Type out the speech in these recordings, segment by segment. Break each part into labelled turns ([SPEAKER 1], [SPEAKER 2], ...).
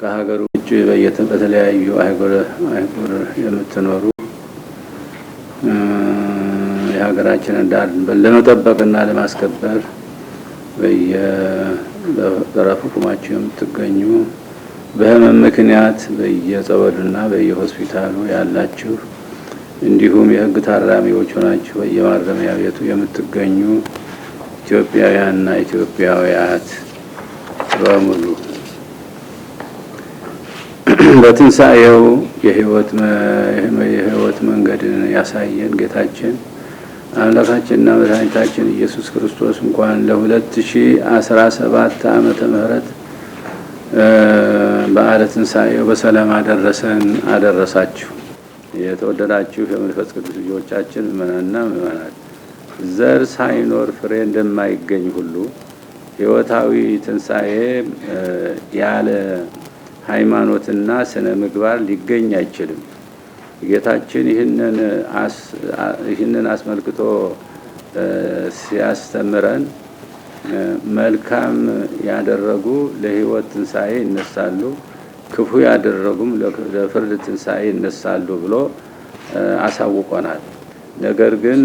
[SPEAKER 1] ከሀገር ውጭ በተለያዩ አህጉር የምትኖሩ የሀገራችንን ዳር ድንበር ለመጠበቅና ለማስከበር በየጠረፉ ቁማችሁ የምትገኙ በህመም ምክንያት በየጸበሉና በየሆስፒታሉ ያላችሁ እንዲሁም የህግ ታራሚዎች ሆናችሁ በየማረሚያ ቤቱ የምትገኙ ኢትዮጵያውያንና ኢትዮጵያውያት በሙሉ በትንሣኤው የህይወት መንገድን ያሳየን ጌታችን አምላካችንና መድኃኒታችን ኢየሱስ ክርስቶስ እንኳን ለ2017 ዓመተ ምህረት በዓለ ትንሣኤው በሰላም አደረሰን አደረሳችሁ። የተወደዳችሁ የመንፈስ ቅዱስ ልጆቻችን ምእመናንና ምእመናት ዘር ሳይኖር ፍሬ እንደማይገኝ ሁሉ ህይወታዊ ትንሣኤ ያለ ሃይማኖትና ስነ ምግባር ሊገኝ አይችልም። ጌታችን ይህንን አስመልክቶ ሲያስተምረን መልካም ያደረጉ ለሕይወት ትንሣኤ ይነሳሉ፣ ክፉ ያደረጉም ለፍርድ ትንሣኤ ይነሳሉ ብሎ አሳውቆናል። ነገር ግን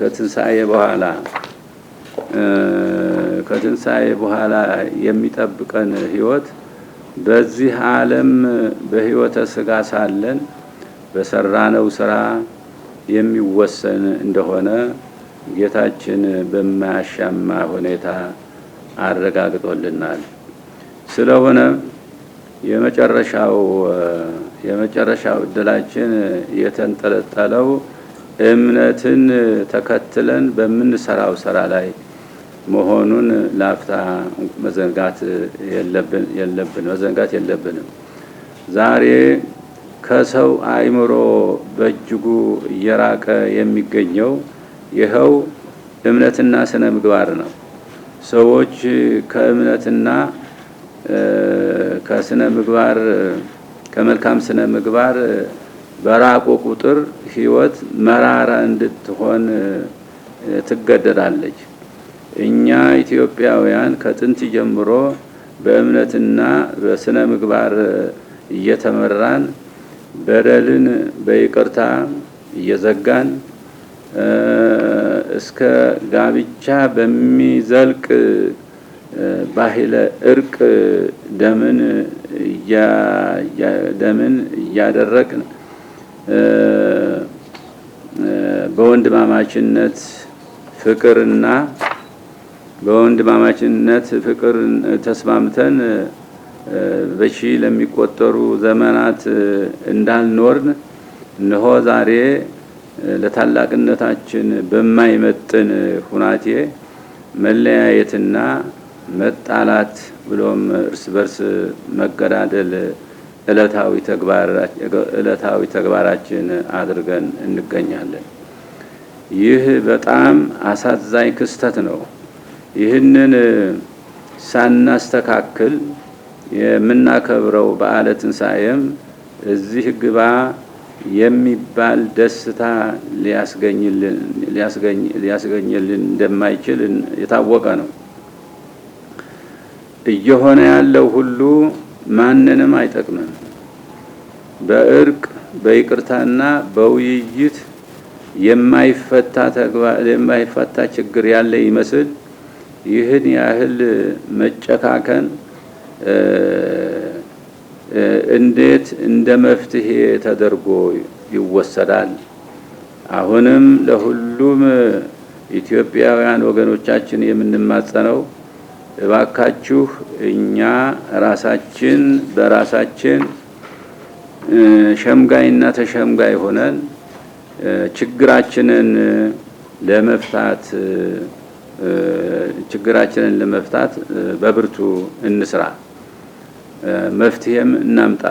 [SPEAKER 1] ከትንሣኤ በኋላ ከትንሣኤ በኋላ የሚጠብቀን ሕይወት በዚህ ዓለም በሕይወተ ሥጋ ሳለን በሰራነው ስራ የሚወሰን እንደሆነ ጌታችን በማያሻማ ሁኔታ አረጋግጦልናል። ስለሆነ የመጨረሻው የመጨረሻው እድላችን የተንጠለጠለው እምነትን ተከትለን በምንሰራው ስራ ላይ መሆኑን ላፍታ መዘንጋት የለብን መዘንጋት የለብንም። ዛሬ ከሰው አእምሮ በእጅጉ እየራቀ የሚገኘው ይኸው እምነትና ስነ ምግባር ነው። ሰዎች ከእምነትና ከስነ ምግባር ከመልካም ስነ ምግባር በራቁ ቁጥር ሕይወት መራራ እንድትሆን ትገደዳለች። እኛ ኢትዮጵያውያን ከጥንት ጀምሮ በእምነትና በስነ ምግባር እየተመራን በደልን በይቅርታ እየዘጋን እስከ ጋብቻ በሚዘልቅ ባህለ እርቅ ደምን ደምን እያደረቅን በወንድማማችነት ፍቅርና በወንድማማችነት ፍቅር ተስማምተን በሺ ለሚቆጠሩ ዘመናት እንዳልኖርን እነሆ ዛሬ ለታላቅነታችን በማይመጥን ሁናቴ መለያየትና መጣላት ብሎም እርስ በርስ መገዳደል ዕለታዊ ተግባራችን አድርገን እንገኛለን። ይህ በጣም አሳዛኝ ክስተት ነው። ይህንን ሳናስተካክል የምናከብረው በዓለ ትንሣኤም እዚህ ግባ የሚባል ደስታ ሊያስገኝልን እንደማይችል የታወቀ ነው። እየሆነ ያለው ሁሉ ማንንም አይጠቅምም። በእርቅ በይቅርታና በውይይት የማይፈታ ችግር ያለ ይመስል ይህን ያህል መጨካከን እንዴት እንደ መፍትሄ ተደርጎ ይወሰዳል? አሁንም ለሁሉም ኢትዮጵያውያን ወገኖቻችን የምንማጸነው እባካችሁ እኛ ራሳችን በራሳችን ሸምጋይና ተሸምጋይ ሆነን ችግራችንን ለመፍታት ችግራችንን ለመፍታት በብርቱ እንስራ፣ መፍትሄም እናምጣ።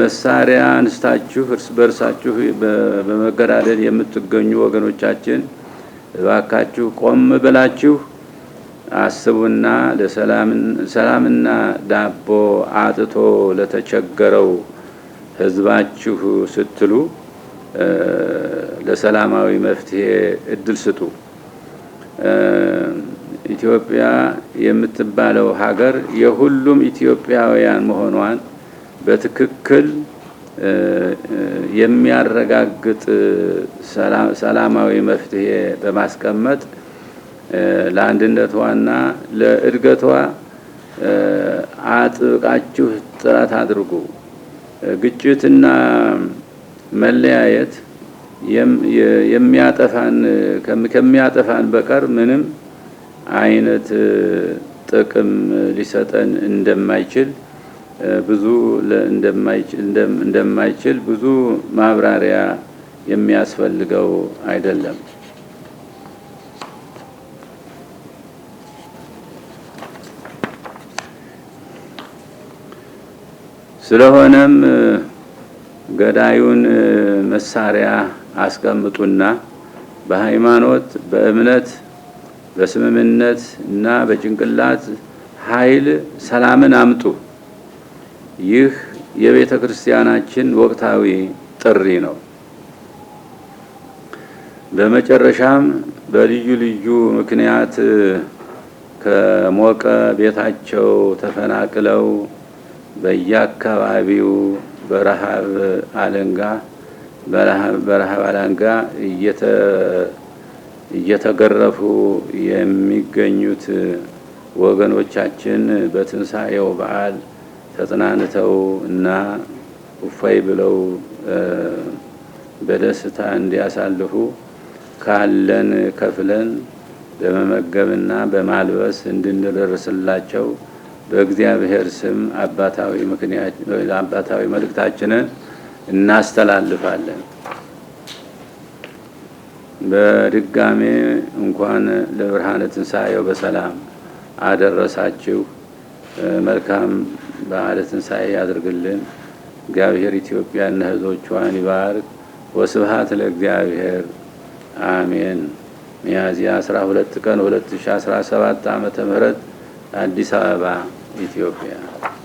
[SPEAKER 1] መሳሪያ አንስታችሁ እርስ በርሳችሁ በመገዳደል የምትገኙ ወገኖቻችን እባካችሁ ቆም ብላችሁ አስቡና ሰላምና ዳቦ አጥቶ ለተቸገረው ሕዝባችሁ ስትሉ ለሰላማዊ መፍትሄ እድል ስጡ። ኢትዮጵያ የምትባለው ሀገር የሁሉም ኢትዮጵያውያን መሆኗን በትክክል የሚያረጋግጥ ሰላማዊ መፍትሄ በማስቀመጥ ለአንድነቷና ለእድገቷ አጥብቃችሁ ጥረት አድርጉ። ግጭትና መለያየት የሚያጠፋን ከሚያጠፋን በቀር ምንም አይነት ጥቅም ሊሰጠን እንደማይችል ብዙ እንደማይችል ብዙ ማብራሪያ የሚያስፈልገው አይደለም። ስለሆነም ገዳዩን መሳሪያ አስቀምጡና በሃይማኖት በእምነት በስምምነት እና በጭንቅላት ኃይል ሰላምን አምጡ። ይህ የቤተ ክርስቲያናችን ወቅታዊ ጥሪ ነው። በመጨረሻም በልዩ ልዩ ምክንያት ከሞቀ ቤታቸው ተፈናቅለው በየአካባቢው በረሃብ አለንጋ በረሃብ እየተገረፉ የሚገኙት ወገኖቻችን በትንሣኤው በዓል ተጽናንተው እና ውፋይ ብለው በደስታ እንዲያሳልፉ ካለን ከፍለን በመመገብና በማልበስ እንድንደርስላቸው በእግዚአብሔር ስም አባታዊ ምክንያት አባታዊ መልእክታችንን እናስተላልፋለን። በድጋሜ እንኳን ለብርሃነ ትንሣኤው በሰላም አደረሳችሁ። መልካም በዓለ ትንሣኤ ያድርግልን። እግዚአብሔር ኢትዮጵያና ሕዝቦቿን ይባርክ። ወስብሃት ለእግዚአብሔር አሜን። ሚያዝያ 12 ቀን 2017 ዓ ም አዲስ አበባ ኢትዮጵያ